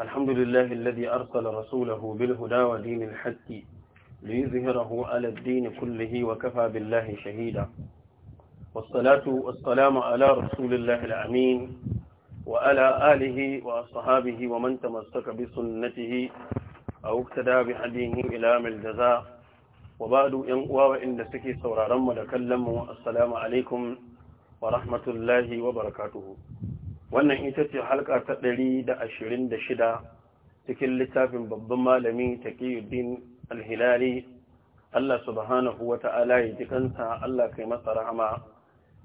الحمد لله الذي أرسل رسوله بالهدى ودين الحق ليظهره على الدين كله وكفى بالله شهيدا والصلاة والسلام على رسول الله الأمين وعلى آله وأصحابه ومن تمسك بسنته أو اقتدى بحديه إلى من الجزاء وبعد ينقوى وإن سكي سورا رمى لكلم السلام عليكم ورحمة الله وبركاته wannan ita ce halka ta ɗari da ashirin da shida cikin littafin babban malami taqiyuddin al-hilali Allah subhanahu wa ta'ala ya ji kansa Allah kai masa rahama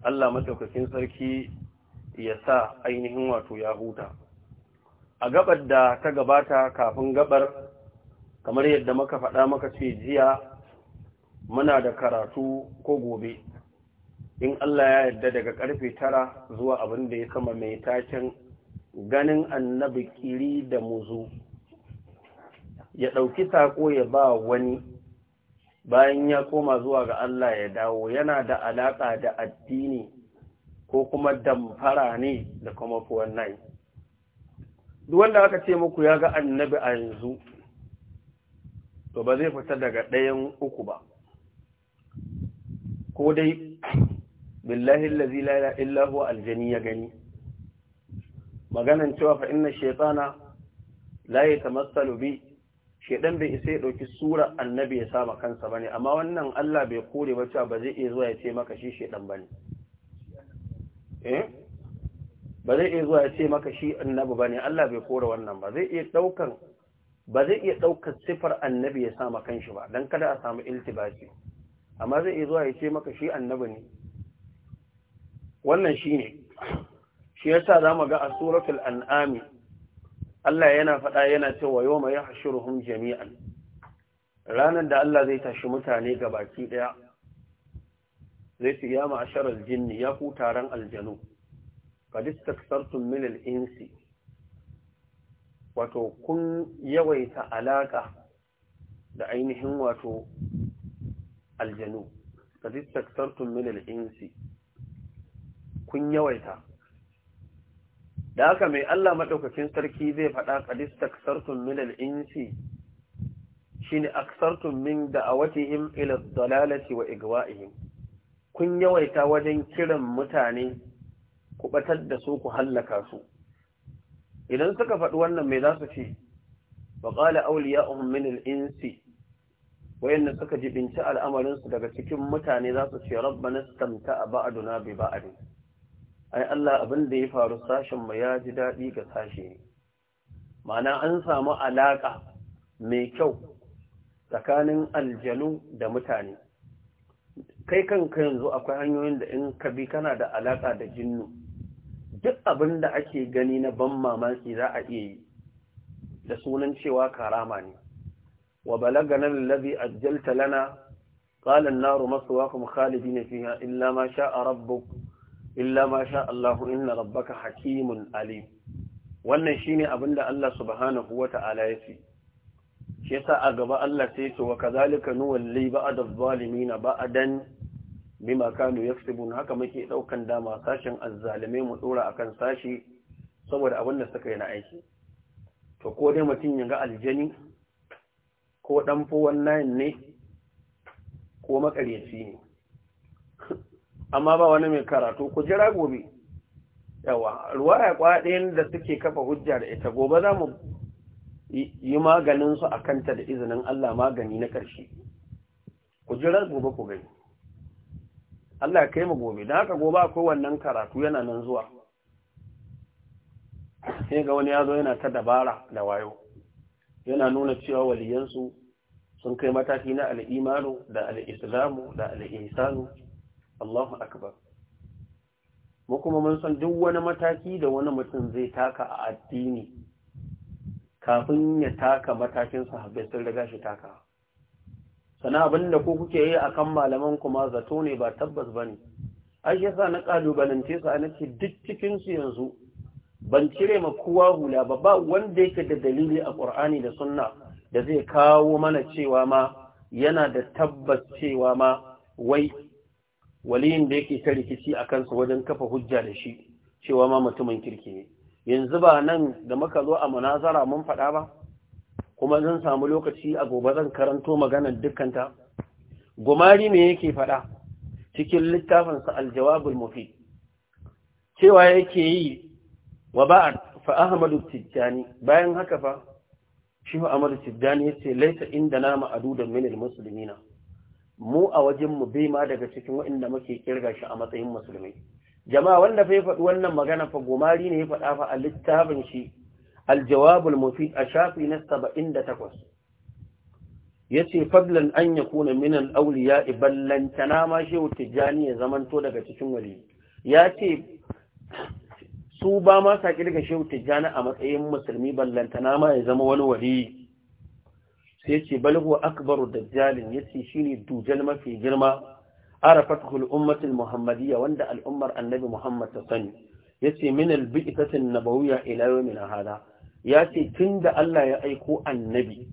Allah madaukakin sarki ya sa ainihin wato ya huta a gabar da ta gabata kafin gabar kamar yadda muka faɗa maka ce jiya muna da karatu ko gobe in Allah ya yarda daga karfe tara zuwa abin da ya kama mai taken ganin annabi kiri da muzu ya ɗauki taƙo ya ba wani bayan ya koma zuwa ga Allah ya dawo yana da alaƙa da addini ko kuma damfara ne da kuma kowar nai duk wanda aka ce muku ya ga annabi a yanzu to ba zai fita daga ɗayan uku ba ko dai billahi allazi la ilaha illa huwa aljani ya gani maganan cewa fa inna shaytana la yatamassalu bi shedan bai isa ya dauki sura annabi ya saba kansa bane amma wannan Allah bai kore ba cewa ba zai iya zuwa ya ce maka shi shedan bane eh ba zai iya zuwa ya ce maka shi annabi bane Allah bai kore wannan ba zai iya daukan ba zai iya daukar sifar annabi ya sama kanshi ba dan kada a samu iltibasi amma zai iya zuwa ya ce maka shi annabi ne wannan shine shi za zamu ga a suratul an'ami Allah yana faɗa yana cewa yawma yahshuruhum jami'an ranar da Allah zai tashi mutane baki daya zai ce a ma'asharal jinni ya ku taron aljanu qad istakthartum min al-insi wato kun yawaita alaka da ainihin wato aljanu qad istakthartum min al-insi kun yawaita da haka mai Allah maɗaukakin sarki zai faɗa ƙadistak ƙasartun minal al'insi shi ne ƙasartun min da'awatihim ila dalalati wa igwa'ihim kun yawaita wajen kiran mutane ku batar da su ku hallaka su idan suka faɗi wannan mai za su ce wa qala awliya'uhum min al-insi wayanda suka jibinci al'amarin su daga cikin mutane za su ce rabbana a ba'aduna bi ba'd ai Allah abin da ya faru sashen mu ya ji daɗi ga sashe ne ma'ana an samu alaƙa mai kyau tsakanin aljanu da mutane kai kanka yanzu akwai hanyoyin da in ka bi kana da alaƙa da jinnu duk abin da ake gani na ban mamaki za a iya yi da sunan cewa karama ne wa balagana allazi ajjalta lana qala an-naru maswaakum khalidina fiha illa ma a rabbuk illa ma sha Allahu inna rabbaka hakimun alim wannan shine abin da Allah subhanahu wata'ala ya ce shi yasa a gaba Allah sai ya ce wa kazalika nuwalli ba'd adh-dhalimin ba'dan bima kanu yaksubun haka muke daukan dama sashin azzalume mu dora akan sashi saboda abin da suka yi na aiki to ko dai mutum ya ga aljani ko dan fo wannan ne ko makaryaci ne amma ba wani mai karatu ku jira gobe yawa ruwaya kwaɗayin da suke kafa hujja da ita gobe za mu yi maganin su a kanta da izinin Allah magani na ƙarshe ku jira gobe ku gani Allah ya kai mu gobe don haka gobe akwai wannan karatu yana nan zuwa sai ga wani ya zo yana ta dabara da wayo yana nuna cewa waliyansu sun kai mataki na al'imaru da al'islamu da al'isanu Allahu akbar mu kuma mun san duk wani mataki da wani mutum zai taka a addini kafin ya taka matakin sahabbai sun riga shi taka sana abin da ku kuke yi akan malaman kuma zato ne ba tabbas bane ai yasa na kalubalance su na ce duk cikin su yanzu ban cire ma kowa hula ba ba wanda yake da dalili a Qur'ani da Sunna da zai kawo mana cewa ma yana da tabbas cewa ma wai waliyin da yake ta rikici a kansa wajen kafa hujja da shi cewa ma mutumin kirki ne yanzu ba nan da muka zo a munazara mun faɗa ba kuma zan samu lokaci a gobe zan karanto maganar dukkanta gumari me yake faɗa cikin littafinsa aljawabul mufid cewa yake yi wa ba'ad fa ahmadu tijjani bayan haka fa shi ahmadu tijjani yace laita inda na ma'adudan minal muslimina mu a wajenmu bai ma daga cikin waɗanda muke kirga shi a matsayin musulmi jama'a wanda fai ya faɗi wannan magana fa gomari ne ya faɗa fa a littafin shi aljawabul mufid a shafi na 78 yace fadlan an ya yakuna min al-awliya ballantana ma shehu Tijjani ya zamanto daga cikin wali yace su ba ma sa kirga shehu Tijjani a matsayin musulmi ballantana ma ya zama wani wali sai ce balhu akbaru dajjalin yace shine dujal mafi girma arafatuhu al-ummatu al-muhammadiyya wanda al'ummar annabi muhammad ta sani yace min al-bi'tati an-nabawiyya ila yawmin hada yace tunda Allah ya aiko annabi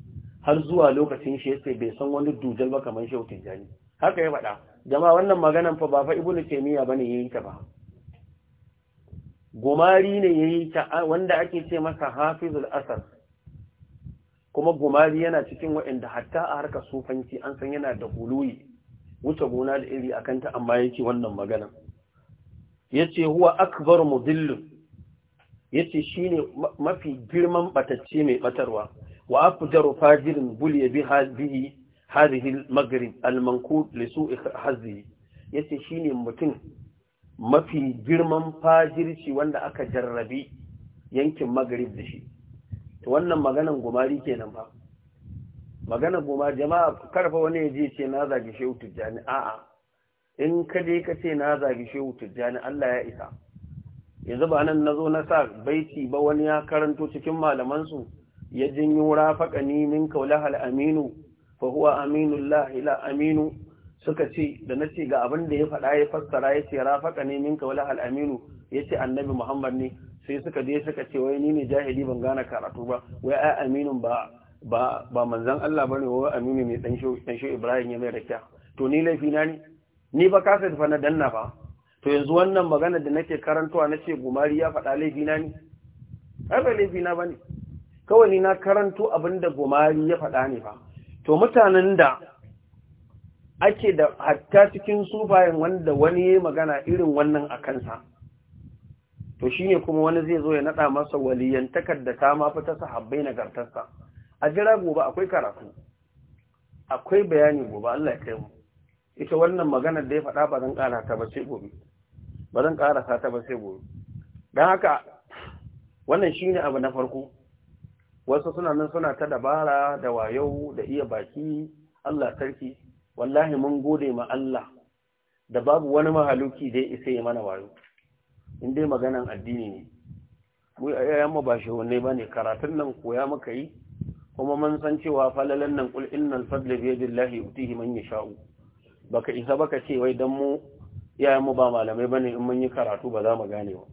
har zuwa lokacin shi yace bai san wani dujal ba kamar shehu tijani haka ya faɗa jama'a wannan maganan fa ba fa ibnu taymiya bane yayin ta ba gomari ne yayin ta wanda ake ce masa hafizul Asar. kuma gumari yana cikin waɗanda hatta a harkar sufanci an san yana da huluyi wuce gona da iri a kanta amma yake wannan magana ya ce huwa akbar mudillin ya ce shi ne mafi girman batacce mai batarwa wa afjaru fajirin bul ya bi hazihi hazihi almanku li su'i hazihi ya ce shi ne mutum mafi girman fajirci wanda aka jarrabi yankin magrib da shi to wannan maganan gumari kenan ba maganan goma jama'a karfa wani ya je ce na zagi shehu tijjani a'a in ka je ka ce na zagi shehu tijjani Allah ya isa yanzu ba nan nazo na sa baiti ba wani ya karanto cikin malaman su ya jinyo rafaqani min hal aminu fa huwa aminullah ila aminu suka ce da nace ga abin da ya faɗa ya fassara ya ce ne min hal aminu yace annabi Muhammad ne sai suka je suka ce wai ni ne jahili ban gane karatu ba wai ai aminin ba ba ba manzon Allah bane wai amini ne dan shi dan shi Ibrahim ya mai rakiya to ni laifi na ne ni ba kasa fa na danna ba to yanzu wannan magana da nake karantowa nace gumari ya faɗa laifi na ne ai ba laifi na bane kawai ni na karanto abinda gumari ya faɗa ne fa to mutanen da ake da hatta cikin sufayen wanda wani ya magana irin wannan a kansa to shine kuma wani zai zo ya nada masa waliyan takarda ta mafi ta sahabbai gartarsa. a jira gobe akwai karatu akwai bayani gobe Allah ya kai mu ita wannan maganar da ya faɗa ba zan ƙara ta ba sai gobe ba zan ƙara ta ba sai gobe don haka wannan shine abu na farko wasu suna nan suna ta dabara da wayau da iya baki Allah sarki wallahi mun gode ma Allah da babu wani mahaluki da ya isa ya mana wayo in dai maganan addini ne mu yayan mu ba shi wanne bane karatun nan koya muka yi kuma mun san cewa falalan nan kul innal fadla bi yadillahi utihi man yasha baka isa baka ce wai dan mu yayan mu ba malamai bane in mun yi karatu ba za mu gane ba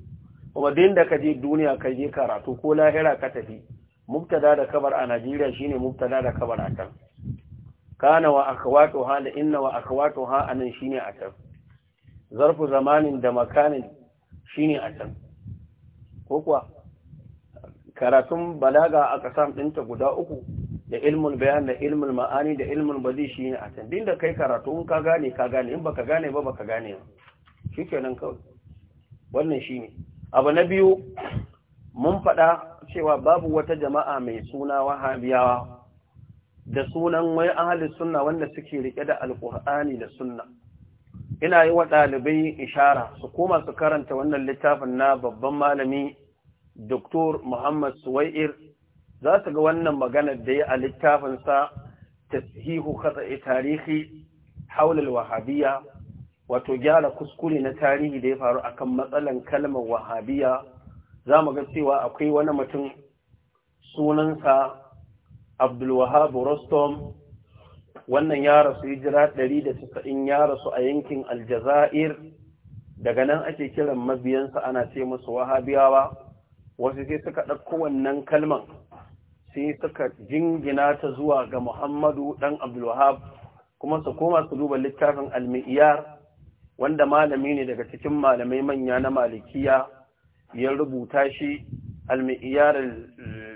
kuma din da ka je duniya ka je karatu ko lahira ka tafi mubtada da kabar a Najeriya shine mubtada da kabar a kan kana wa ha da inna wa akhawatuha anan shine a kan zarfu zamanin da makanin shine a can ko kuwa karatun balaga a kasan ɗinta guda uku da ilmul bayan da ilmul ma'ani da ilmul bazi shi ne a can din da kai karatu in ka gane ka gane in baka gane ba baka gane ba shi kenan kawai wannan shi ne abu na biyu mun faɗa cewa babu wata jama'a mai suna wahabiyawa da sunan wai ahalin sunna wanda suke rike da alkur'ani da sunna ina yi wa ɗalibai ishara su koma su karanta wannan littafin na babban malami Dr. Muhammad Suwai'ir za su ga wannan maganar da ya a littafinsa tashihu khata'i tarihi haulal wahabiyya wato gyara kuskure na tarihi da ya faru akan matsalan kalmar wahabiyya za mu ga cewa akwai wani mutum sunansa abdulwahab Wahab Rostom wannan ya rasu hijira 190 ya rasu a yankin aljazair daga nan ake kiran mabiyansa ana ce musu wahabiyawa wasu sai suka ɗauko wannan kalman sai suka jingina ta zuwa ga muhammadu ɗan abdulwahab kuma su koma su duba littafin almiyar wanda malami ne daga cikin malamai manya na malikiya ya rubuta shi almiyar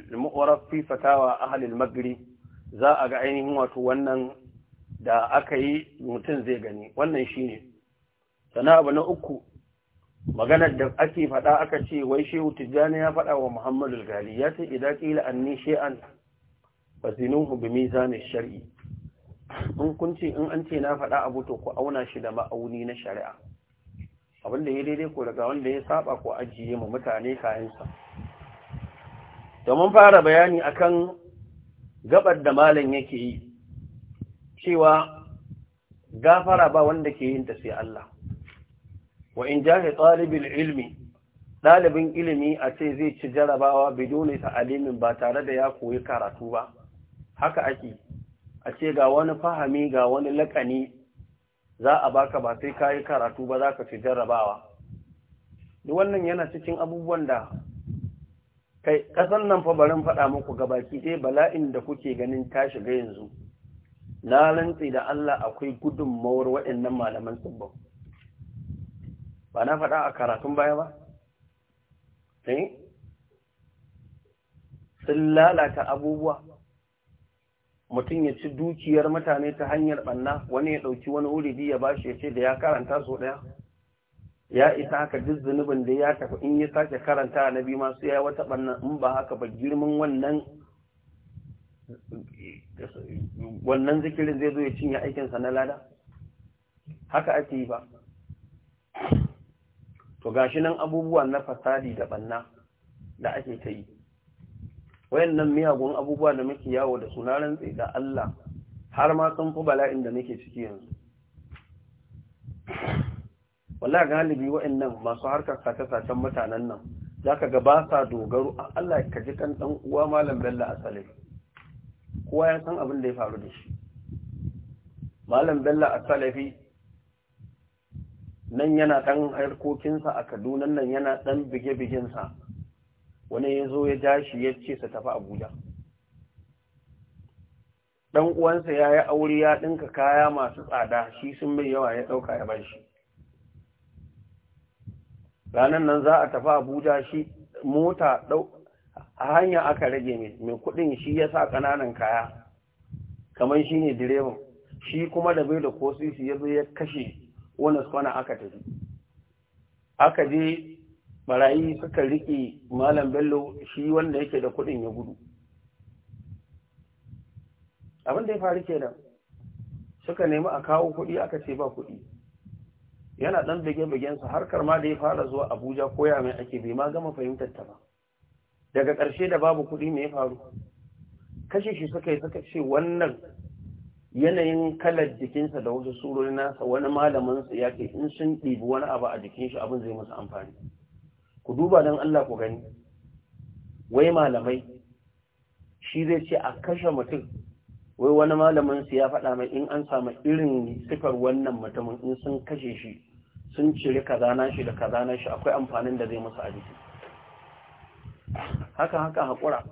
al-mu'arraf fatawa ahlul maghrib za a ga ainihin wato wannan da aka yi mutum zai gani wannan shi ne sana abu na uku maganar da ake faɗa aka ce wai shehu tijjani ya faɗa wa muhammadu gali ya ce idan ƙila an ni Fasinu, fasinin hubimi zanen shari'i in kun in an ce na faɗa abu to ku auna shi da ma'auni na shari'a abin da ya daidai ko daga wanda ya saba ko ajiye ma mutane kayansa domin fara bayani akan gabar da malam yake yi cewa gafara ba wanda ke yin ta sai Allah wa in jahi talibul ilmi ɗalibin ilimi a ce zai ci jarabawa bidone alimin ba tare da ya koyi karatu ba haka ake a ce ga wani fahami ga wani lakani za a baka ba sai kayi karatu ba za ka ci jarabawa duk wannan yana cikin abubuwan da kai ƙasan nan fa barin faɗa muku gabaki ɗaya bala'in da kuke ganin ta shiga yanzu na rantsi da Allah akwai gudunmawar waɗannan malaman tsibbin ba na faɗa a karatun baya ba eh sun lalata abubuwa mutum ya ci dukiyar mutane ta hanyar ɓanna wani ya ɗauki wani wuri ya bashi ya ce da ya karanta so ɗaya ya isa haka duk zunubin da ya tafi in ya sake karanta na biyu masu ya wata ɓanna in ba haka ba girman wannan wannan zikirin zai zo ya cinye aikinsa na lada haka ake yi ba to gashi nan abubuwa na fasadi da ɓanna da ake ta yi wayannan miyagun abubuwa da muke yawo da suna rantsi da Allah har ma sun fi bala'in da muke ciki yanzu wallahi galibi waɗannan masu harkar sace-sacen mutanen nan zaka ga ba sa dogaro Allah ka ji kan ɗan uwa malam bello asali kowa ya san abin da ya faru da shi malam bello asali nan yana ɗan harkokinsa a kaduna nan yana ɗan bige-bigensa wani yazo ya ja shi ya ce sa tafi abuja dan uwansa yayi aure ya ɗinka kaya masu tsada shi sun mai yawa ya ɗauka ya bar shi ranar nan za a tafi abuja shi mota a hanya aka rage mai kudin shi ya sa kananan kaya kamar shi ne direban shi kuma da bai da kosisi ya zo ya kashe wani kwana aka tafi aka je marayi suka riƙe malam bello shi wanda yake da kudin ya gudu abin da ya faru kenan suka nemi a kawo kuɗi aka ce ba kuɗi yana dan bege-begen sa harkar ma da ya fara zuwa Abuja koya mai ake bai ma gama fahimtar ta ba daga ƙarshe da babu kuɗi me ya faru kashe shi suka yi suka ce wannan yanayin kalar jikinsa da wasu surori nasa wani malamin sa ya in sun ɗibi wani abu a jikin shi abin zai musu amfani ku duba dan Allah ku gani wai malamai shi zai ce a kashe mutum wai wani malamin su ya faɗa mai in an samu irin sifar wannan mutumin in sun kashe shi sun cire kazana shi da kazana shi akwai amfanin da zai musu a haka haka haƙura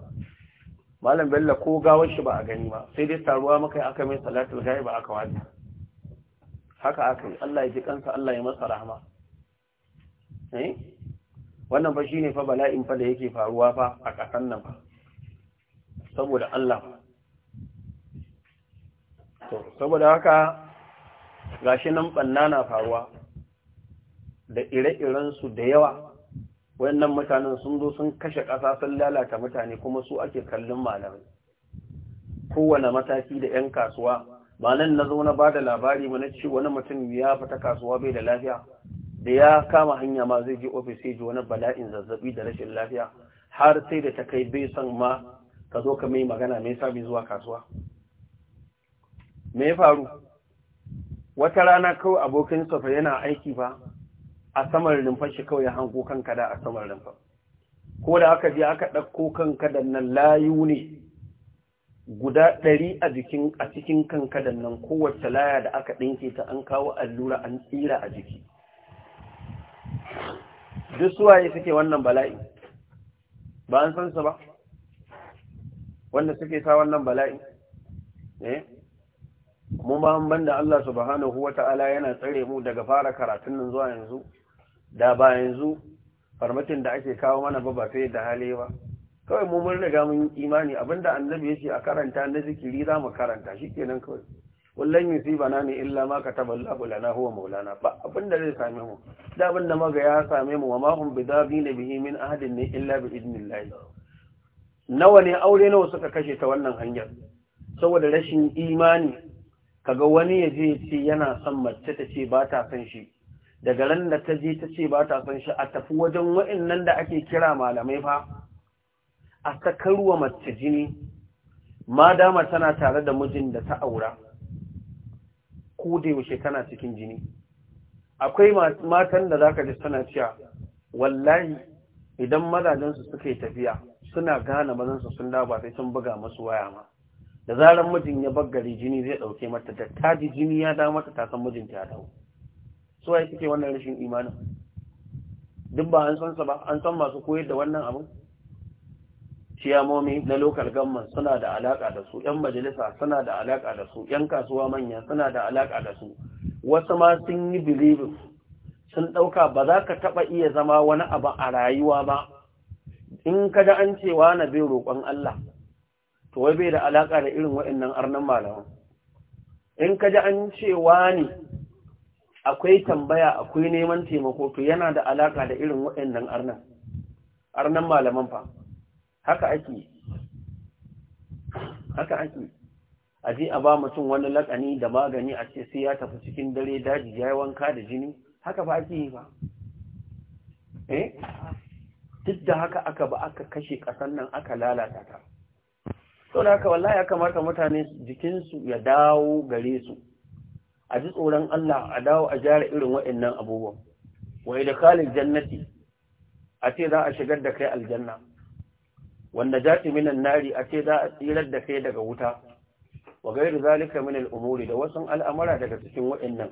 malam bello ko gawar shi ba a gani ba sai dai taruwa maka aka mai salatul gai ba aka wani haka aka yi Allah ya ji kansa Allah ya masa rahama eh wannan fa shine fa bala'in fa da yake faruwa fa a ƙasar nan fa saboda Allah to saboda haka gashi nan banna na faruwa da ire-iren su da yawa wayannan mutanen sun zo sun kashe ƙasa sun lalata mutane kuma su ake kallon malamai kowane mataki da 'yan kasuwa ba na zo na ba da labari mana ce wani mutum ya fita kasuwa bai da lafiya da ya kama hanya ma zai je ofis sai ji wani bala'in zazzabi da rashin lafiya har sai da ta kai bai son ma ka zo ka mai magana mai sami zuwa kasuwa me ya faru wata rana kawai abokin safa yana aiki ba a saman rumfashi kawai ya hango kanka da a saman rumfa. ko da aka je aka ɗauko kanka da nan layu ne guda ɗari a jikin a cikin kanka da nan kowace laya da aka ɗinke ta an kawo allura an tsira a jiki duk suwaye suke wannan bala'i ba an san su ba wanda suke sa wannan bala'i eh mu ma banda Allah subhanahu ta'ala yana tsare mu daga fara karatun nan zuwa yanzu da ba yanzu farmakin da ake kawo mana ba ba sai da hali ba kawai mu mun riga mun imani abinda annabi yace a karanta na zikiri za mu karanta shikenan kawai wallan bana ne illa ma kataba Allahu lana huwa maulana ba abinda zai same mu da abinda maga ya same mu wa ma hum bidabina bihi min ahadin ne illa bi idnillahi nawa ne aure nawa suka kashe ta wannan hanyar saboda rashin imani kaga wani ya je ce yana son mace ta ce ba ta son shi daga ran da ta je ta ce ba ta son shi a tafi wajen wa'annan da ake kira malamai fa a sakarwa mace jini ma dama tana tare da mijin da ta aura ko da yaushe tana cikin jini akwai matan da zaka ji suna cewa wallahi idan mazajensu suka yi tafiya suna gane mazansu sun dawo ba sai sun buga masu waya ma da zarar mijin ya baggari jini zai ɗauke mata da ta ji jini ya dawo mata ta san mijinta ya dawo su ai kike wannan rashin imanin duk ba an san sa ba an san masu koyar da wannan abin ciyamomi na local government suna da alaka da su yan majalisa suna da alaka da su yan kasuwa manya suna da alaka da su wasu ma sun yi believe sun ɗauka ba za ka taba iya zama wani abu a rayuwa ba in kada an cewa na bin roƙon Allah to wai bai da alaka da irin waɗannan arnan malaman in ka ji an cewa ne akwai tambaya akwai neman taimako to yana da alaka da irin waɗannan arnan arnan malaman fa haka ake haka ake a ji a ba mutum wani lakani da magani a ce sai ya tafi cikin dare daji ya yi wanka da jini haka fa ake yi ba eh duk da haka aka ba aka kashe ƙasar nan aka lalata ta to haka wallahi ya kamata mutane jikinsu ya dawo gare su a ji tsoron Allah a dawo a jara irin waɗannan abubuwan wai da kalin jannati a ce za a shigar da kai aljanna wanda jati minan nari a ce za a tsirar da kai daga wuta wa gairu zalika min al'umuri da wasu al'amara daga cikin waɗannan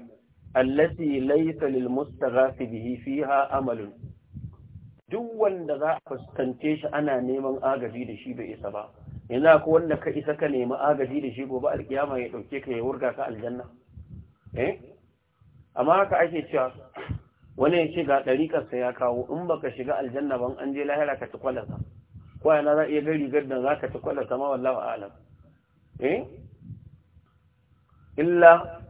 allati laysa lil mustaghafi bihi fiha amalun duk wanda za a fuskance shi ana neman agaji da shi bai isa ba ina ko wanda ka isa ka nemi agaji da shi gobe alkiyama ya dauke ka ya wurga ka aljanna eh amma haka ake cewa wani ya ce ga ɗariƙar sa ya kawo in baka shiga aljanna ban an je lahira ka ci kwalasa ko yana za iya gari rigar za ka ci ma wallahu a'lam eh illa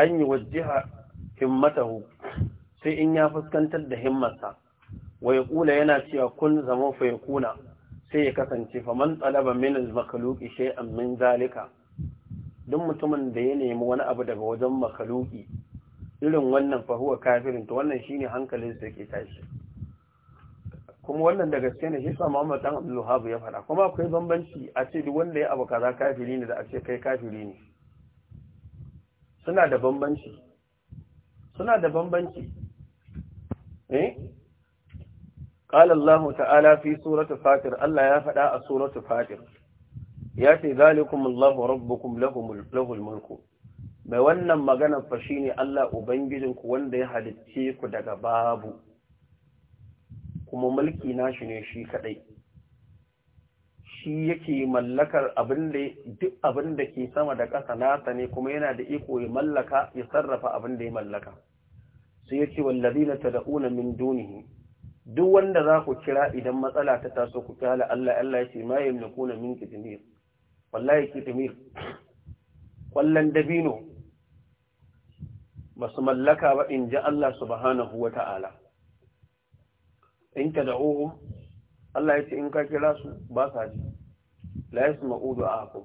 an yi wajjiha himmatahu sai in ya fuskantar da himmarsa wa ya kula yana cewa kun zama fa ya kuna sai ya kasance faman talaba min al-makhluqi shay'an min zalika duk mutumin da ya nemi wani abu daga wajen makhluqi irin wannan fa huwa kafirin to wannan shine hankalin sa yake tashi kuma wannan da gaske ne shi sa Muhammad dan Abdul Wahhab ya fara kuma akwai bambanci a ce duk wanda ya abu kaza kafiri ne da a ce kai kafiri ne suna da bambanci suna da bambanci eh قال الله تعالى في سورة فاتر ألا يفدع سورة فاتر ياتي ذلكم الله ربكم له, له الملك mai wannan maganar fa ne Allah Ubangijin ku wanda ya halicce ku daga babu kuma mulki nashi ne shi kadai shi yake mallakar duk abin da ke sama da ƙasa nasa ne kuma yana da iko ya mallaka ya sarrafa abin da ya mallaka sai yace ta tad'una min dunihi duk wanda za ku kira idan matsala ta taso ku kira Allah Allah ya ce ma yamlikuna min kitimir wallahi kitimir kwallon dabino ba su mallaka ba in ji Allah subhanahu wa ta'ala in ta da'uhum Allah ya ce in ka kira su ba sa ji la yasu ma'udu a haku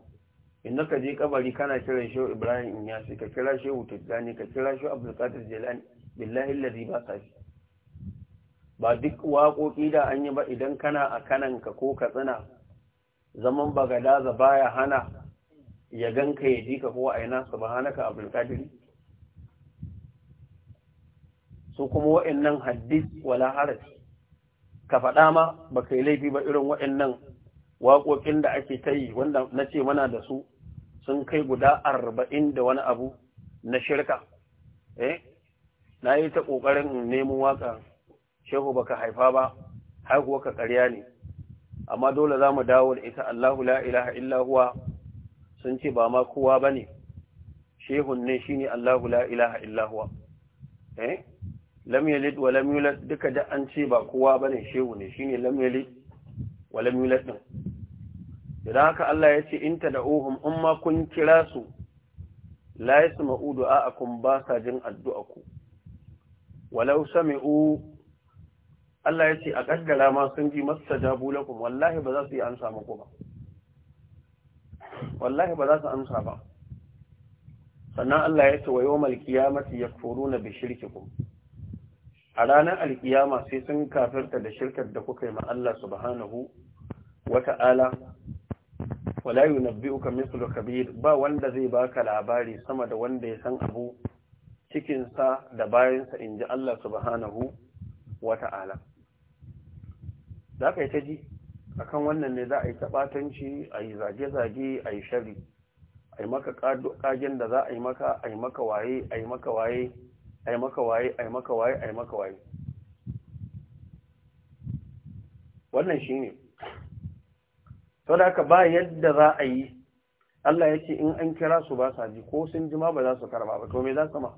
in ka je kabari kana kira shi ibrahim in yasi ka kira shehu tijjani ka kira shehu abdulkadir jilani billahi lalzi ba sa ji ba duk waƙoƙi da an yi ba idan kana a kananka ko katsina zaman bagadaza baya hana ya ganka ya ji ka ko aina subhanaka ka, qadir su kuma wa'annan hadis wala haris ka faɗa ma ba yi laifi ba irin wa'annan waƙoƙin da ake ta yi wanda na ce mana da su sun kai guda arba'in da wani abu na shirka eh na yi ta ƙoƙarin nemo waƙa shehu baka haifa ba haihuwa ka ƙarya ne amma dole za mu dawo da ita Allahu la ilaha illa huwa sun ce ba ma kowa ba ne shehun ne shi ne Allahu la ilaha illa huwa eh lam yalid wa lam yulad duka da an ce ba kowa ba ne shehu ne shi ne lam yalid wa lam yulad din idan haka Allah ya ce in tad'uhum umma kun kira su la yasma'u du'a'akum ba sa jin addu'a ku? walau sami'u Allah ya ce a kaddara ma sun ji masta jabu lakum wallahi ba za su yi ansa muku ba wallahi ba za su ansa ba sannan Allah ya ce wa yawmal qiyamati yakfuruna bi shirkikum a ranar alkiyama sai sun kafirta da shirkar da kuka yi ma Allah subhanahu wa wata'ala wala yunabbi'uka mithlu kabir ba wanda zai baka labari sama da wanda ya san abu cikinsa da bayansa inji Allah subhanahu wa Ta'ala. za ka yi ta ji akan wannan ne za a yi taɓatanci a yi zage-zage a yi shari a yi maka ƙagen da za a yi maka a yi maka waye a yi maka waye a yi maka waye a yi maka waye a yi maka waye wannan shi ne to da aka ba yadda za a yi Allah ya ce in an kira su ba sa ji ko sun ji ma ba za su karba ba to me za su ma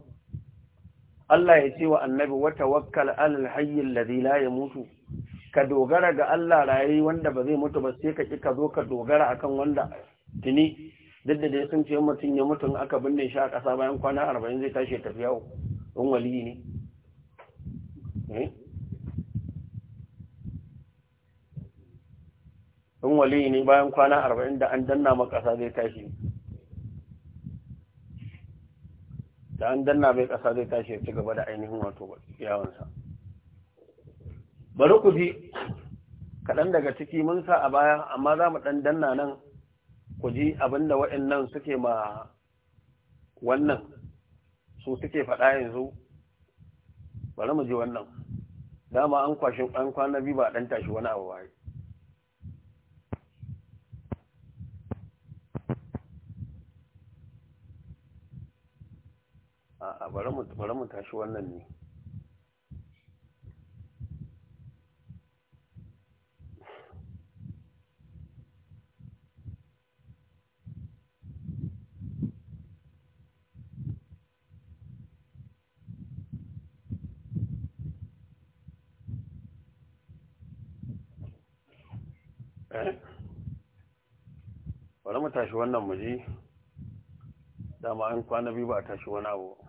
Allah ya ce wa annabi wata tawakkal alal hayyin alladhi la yamutu ka dogara ga Allah rayi wanda ba zai mutu ba sai ka ki ka zo ka dogara akan wanda tuni duk da dai sun ce mutum ya mutu aka binne shi a ƙasa bayan kwana arba'in zai tashi tafiya in wali ne eh? in wali ne bayan kwana arba'in da an danna makasa zai tashi da an danna bai ƙasa zai tashi ya ci gaba da ainihin wato yawansa bari ku ji kaɗan daga ciki mun sa a baya amma za mu ɗan danna nan ku ji abin da waɗannan suke ma wannan su suke faɗa yanzu bari mu ji wannan dama an kwashe an kwana biyu ba ɗan tashi wani abu bari a bari mu tashi wannan ne bari mu tashi wannan muji dama an kwana biyu ba a tashi wani abu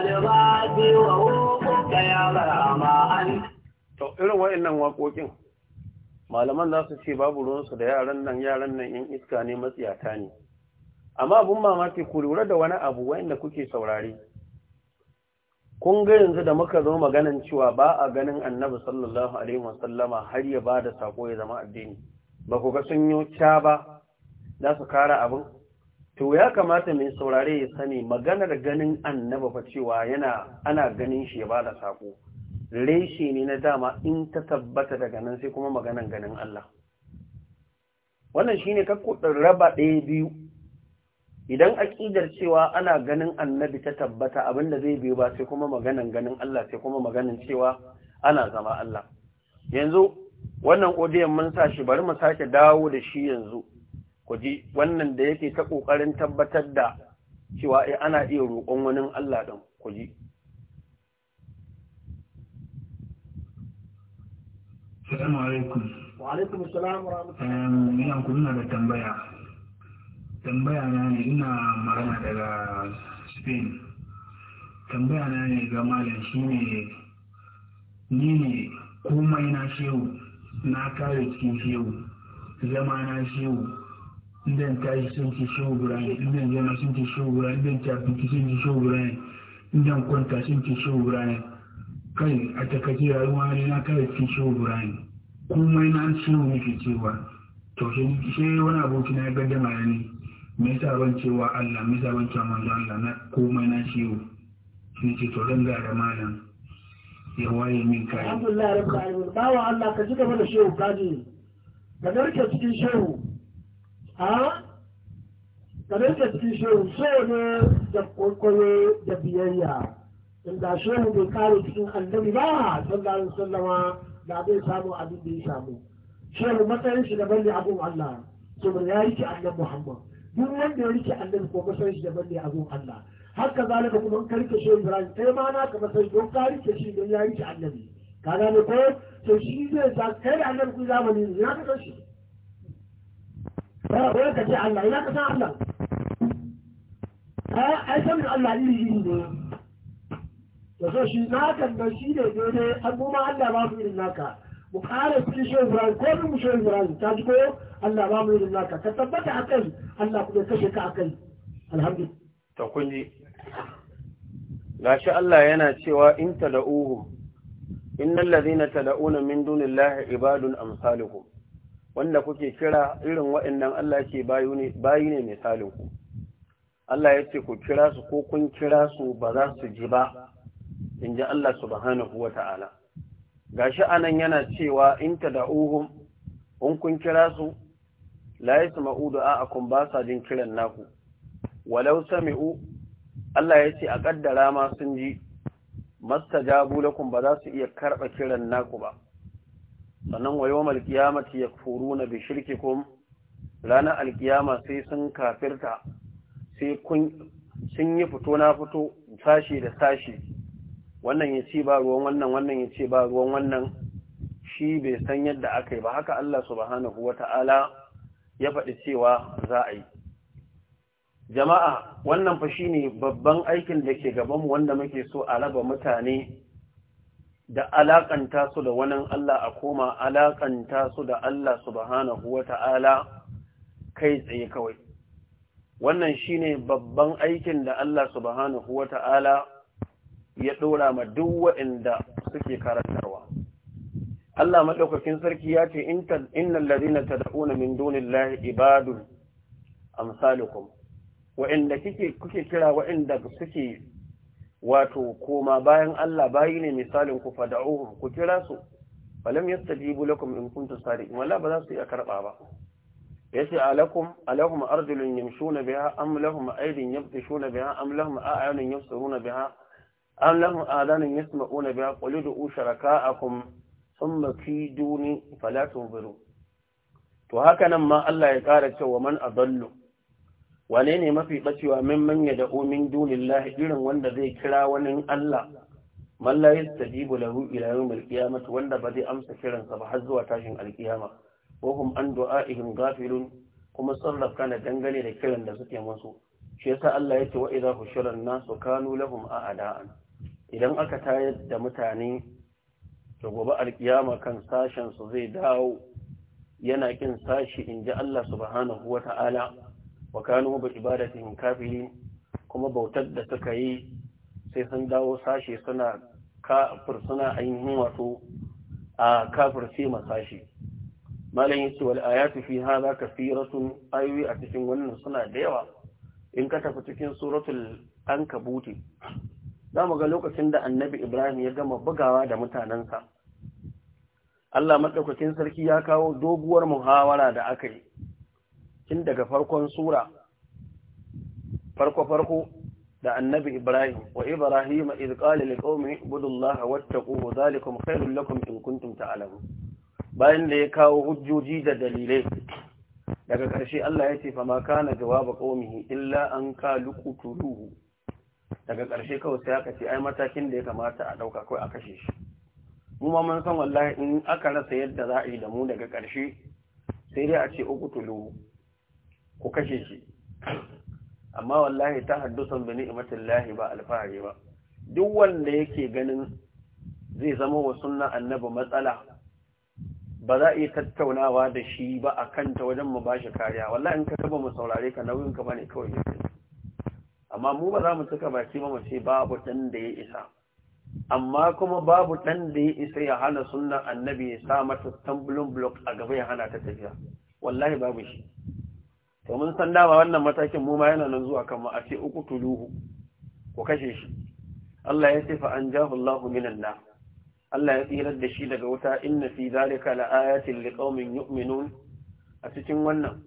wa وروحك ya رمان to irin wayannan waƙoƙin malaman za su ce babu ruwansu da yaran nan yaran nan yan iska ne matsiyata ne amma abin mamaki ku lura da wani abu wayanda kuke saurari. kun ga yanzu da muka zo maganan cewa ba a ganin annabi sallallahu alaihi wasallama har ya bada sako ya zama addini ba ku ga sun yi ba za su kara abin to ya kamata mai saurare ya sani maganar ganin annaba fa cewa yana ana ganin shi ya bada sako reshe ne na dama in ta tabbata daga nan sai kuma maganan ganin Allah wannan shine kakko raba ɗaya biyu idan aƙidar cewa ana ganin annabi ta tabbata abinda zai biyu ba sai kuma maganan ganin Allah sai kuma maganan cewa ana zama Allah yanzu wannan odiyan mun sa shi bari mu sake dawo da shi yanzu ku ji wannan da yake ta ƙoƙarin tabbatar da cewa eh ana iya roƙon wani Allah ɗin ku ji. Salamu alaikum. Wa alaikum salam wa rahmatullahi. Um, ina kuna da tambaya. Tambaya na ne ina magana daga Spain. Tambaya na ne ga malam shine ne ni ne komai na shehu na kare cikin shehu zama na shehu idan ta sun ci shehu burayi idan zama sun ci shehu burayi idan ta sun ci shehu burayi idan kwanta sun ci shehu burayi kai a takaice rayuwa ne na kare cikin shehu burayi komai na an shehu nake cewa to shi sai wani aboki ya ga ya ne me yasa ban cewa Allah me yasa ban cewa manzo Allah na komai na shehu sun ce to dan ga da malam ya waye min kai alhamdulillah rabbil alamin bawa Allah ka ji gaba da shehu kaji da garke cikin shehu a kare da kishin so ne da kwakwale da biyayya inda shehu bai kare cikin annabi ba sallallahu alaihi sallama da bai samu abin da ya samu shehu matsayin shi daban ne abun Allah saboda ya rike annabi Muhammad duk wanda ya rike annabi ko matsayin shi daban ne abun Allah haka zalika kuma in karke shi shehu Ibrahim kai ma na ka matsayi don ka rike shi don ya rike annabi ka gane ko to shi zai sa kai da annabi ku zamani ya ka shi wai ka ce Allah ina ka san Allah A ai san Allah iri iri ne da so shi na kan da shi ne dole abubuwan Allah ba su irin naka mu kare su shi Ibrahim ko mu shi Ibrahim ta ji ko Allah ba mu irin naka ka tabbata akan Allah ku kuma kashe ka akan alhamdulillah to kun ji gashi Allah yana cewa in tad'uhum innal ladhina tad'una min dunillahi ibadun amsalukum wanda kuke kira irin waɗannan Allah ce bayi ne misalin ku Allah ya ce ku kira su ko kun kira su ba za su ji ba in ji Allah subhanahu wa ta'ala gashi anan yana cewa in ta da'uhum in kun kira su la yasma'u du'a'akum ba sa jin kiran naku walau sami'u Allah ya ce a kaddara ma sun ji mastajabu lakum ba za su iya karɓa kiran naku ba sannan wa ya qiyamati na bishirki, shirkikum ranar alkiyama sai sun kafirta sai kun sun yi fito na fito sashi da sashi wannan ya ce ba ruwan wannan wannan ya ce ba ruwan wannan shi bai san yadda aka yi ba haka Allah subhanahu wata'ala ya faɗi cewa za a yi jama'a wannan fa ne babban aikin da ke gabanmu wanda muke so a raba mutane da alakanta su da wani Allah a koma alakanta su da Allah subhanahu ta'ala) kai tsaye kawai wannan shine babban aikin da Allah subhanahu ta'ala) ya ɗora ma duk waɗanda suke karantarwa Allah maɗaukakin sarki ya ce innal ladina dauna min lahi, ibadun amsalukum wa'inda kike kuke kira waɗanda suke wato koma bayan Allah bayi ne misalin ku fada'uhum ku kira su falam yastajibu lakum in kuntum sadiqin wala ba za su iya karba ba yace alakum alahum arjulun yamshuna biha am lahum aydin yabtishuna biha am lahum a'yunun yabsiruna biha am lahum adanun yasma'una biha qul ud'u sharaka'akum thumma kiduni fala tunziru to haka nan ma Allah ya kara cewa man adallu wane ne mafi ɓacewa min manya da omin dunillah irin wanda zai kira wani Allah man la yastajibu lahu ila yawm al-qiyamah wanda ba zai amsa kiransa ba har zuwa tashin alkiyama. qiyama wa hum an du'a'ihim ghafilun kuma sarraf na dangane da kiran da suke masu shi yasa Allah yake wa idza hushira an-nasu kanu lahum a'da'an idan aka tayar da mutane da gobe alkiyama kan sashen su zai dawo yana kin sashi inji Allah subhanahu wata'ala wa kanu bi ibadatihim kafirin kuma bautar da suka yi sai sun dawo sashe suna kafir suna ainihin wato a kafir sai masashi malayin ce wal ayatu fi hadha kathiratun ayoyi a cikin wannan suna da yawa in ka tafi cikin suratul ankabuti za mu ga lokacin da annabi ibrahim ya gama bugawa da mutanensa Allah maɗaukakin sarki ya kawo doguwar muhawara da aka yi tun daga farkon sura farko-farko da annabi Ibrahim wa Ibrahim idh qala liqaumihi ibudullaha wattaquhu dhalikum khairul lakum in kuntum ta'lamun bayan da ya kawo hujjoji da dalilai daga ƙarshe Allah ya ce fama kana jawaba qaumihi illa an kalu qutuluhu daga ƙarshe kawai sai aka ce ai matakin da ya kamata a ɗauka kai a kashe shi mu ma mun san wallahi in aka rasa yadda za a yi da mu daga ƙarshe sai dai a ce uku tuluhu ku kashe shi amma wallahi ta haddusan bi ni'matillahi ba alfahari ba duk wanda yake ganin zai zama wa sunna annabi matsala ba za a yi tattaunawa da shi ba a kanta wajen mu ba shi kariya wallahi in ka taba mu saurare ka nauyin ka bane kawai amma mu ba za mu saka baki ba mu ce babu dan da ya isa amma kuma babu ɗan da ya isa ya hana sunna annabi ya sa mata stumbling block a gaba ya hana ta tafiya wallahi babu shi to mun san dama wannan matakin mu ma yana nan zuwa kan a ce uku tuluhu ku kashe shi Allah ya ce fa anjahu Allahu minan nar Allah ya tsirar da shi daga wuta inna fi zalika laayatin liqaumin yu'minun a cikin wannan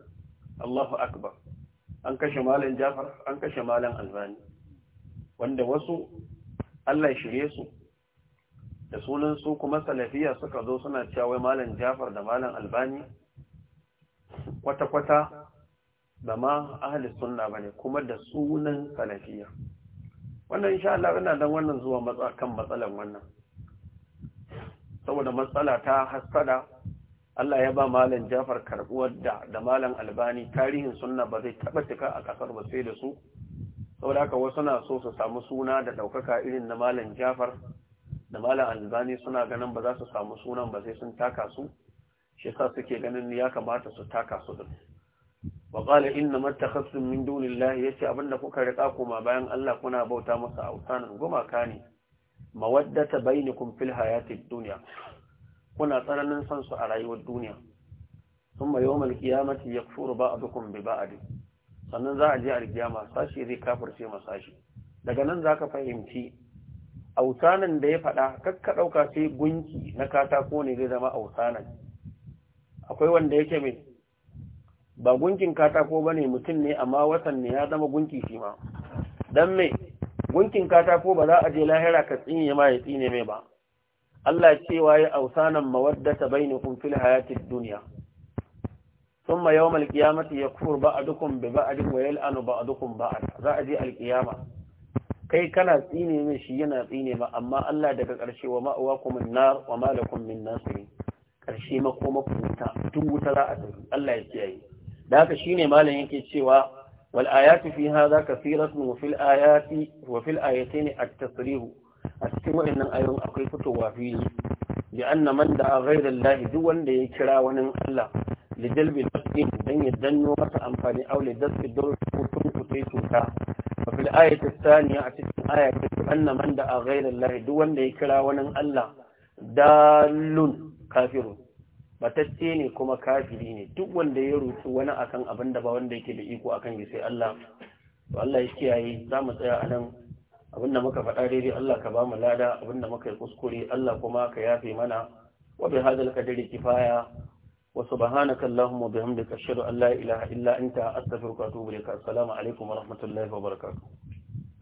Allahu akbar an kashe malam Jafar an kashe malam Albani wanda wasu Allah ya shirye su da sunan su kuma salafiya suka zo suna cewa malam Jafar da malam Albani kwata-kwata ba ma ahli sunna bane kuma da sunan salafiya. wannan insha Allah ina dan wannan zuwa matsa kan matsalan wannan saboda matsala ta hasada Allah ya ba malam Jafar karbuwar da da malam Albani tarihin sunna ba zai taba cika a kasar ba sai da su saboda haka wasu na so su samu suna da daukaka irin na malam Jafar da malam albani suna ganin ba za su samu sunan ba sai sun taka su shi sa suke ganin ya kamata su taka su wa qala inna mattakhasum min ce abin abinda kuka rika kuma bayan Allah kuna bauta masa autanan gumaka ne mawaddata bainakum fil hayatid dunya kuna tsananin san su a rayuwar duniya thumma yawmal qiyamati yakfuru ba'dukum bi ba'd sannan za a je alkiyama sashi zai kafirce masashi daga nan zaka fahimci autanan da ya faɗa kakka ɗauka sai gunki na katako ne zai zama autanan akwai wanda yake mai ba gunkin katako ba ne mutum ne amma watan ne ya zama gunki shi ma don mai gunkin katako ba za a je lahira ka tsine ma ya tsine mai ba Allah cewa ya ausanan mawaddata bainakum fil hayatid dunya ثم يوم القيامة يكفر بعضكم ببعض ويلعن بعضكم za a je alkiyama kai kana tsine min shi yana tsine ba, amma Allah daga ƙarshe wa ma'awakum an-nar wa malakum min nasir ƙarshe makoma ku wuta duk wuta za a tafi Allah ya kiyaye da haka shine malam yake cewa wal ayatu fi haza kathiratun wa fil ayati wa fil ayatayn at a cikin waɗannan ayoyin akwai fitowa fili bi anna man da'a ghayra Allah duk wanda ya kira wani Allah li dalbi al-qasd dan ya danno masa amfani aw li dalbi dur kutun kutai tuka wa fil ayati thaniya a cikin ayati anna man da'a ghayra Allah duk wanda ya kira wani Allah dalun kafirun batacce ne kuma kafiri ne duk wanda ya roƙi wani akan abin da ba wanda yake da iko akan shi sai Allah to Allah ya kiyaye za mu tsaya a nan abin da muka faɗa daidai Allah ka ba mu lada abin da muka yi kuskure Allah kuma ka yafe mana wa bi hadal qadri kifaya wa subhanaka allahumma bihamdika ashhadu an la ilaha illa anta astaghfiruka wa atubu ilaik assalamu alaikum wa rahmatullahi wa barakatuh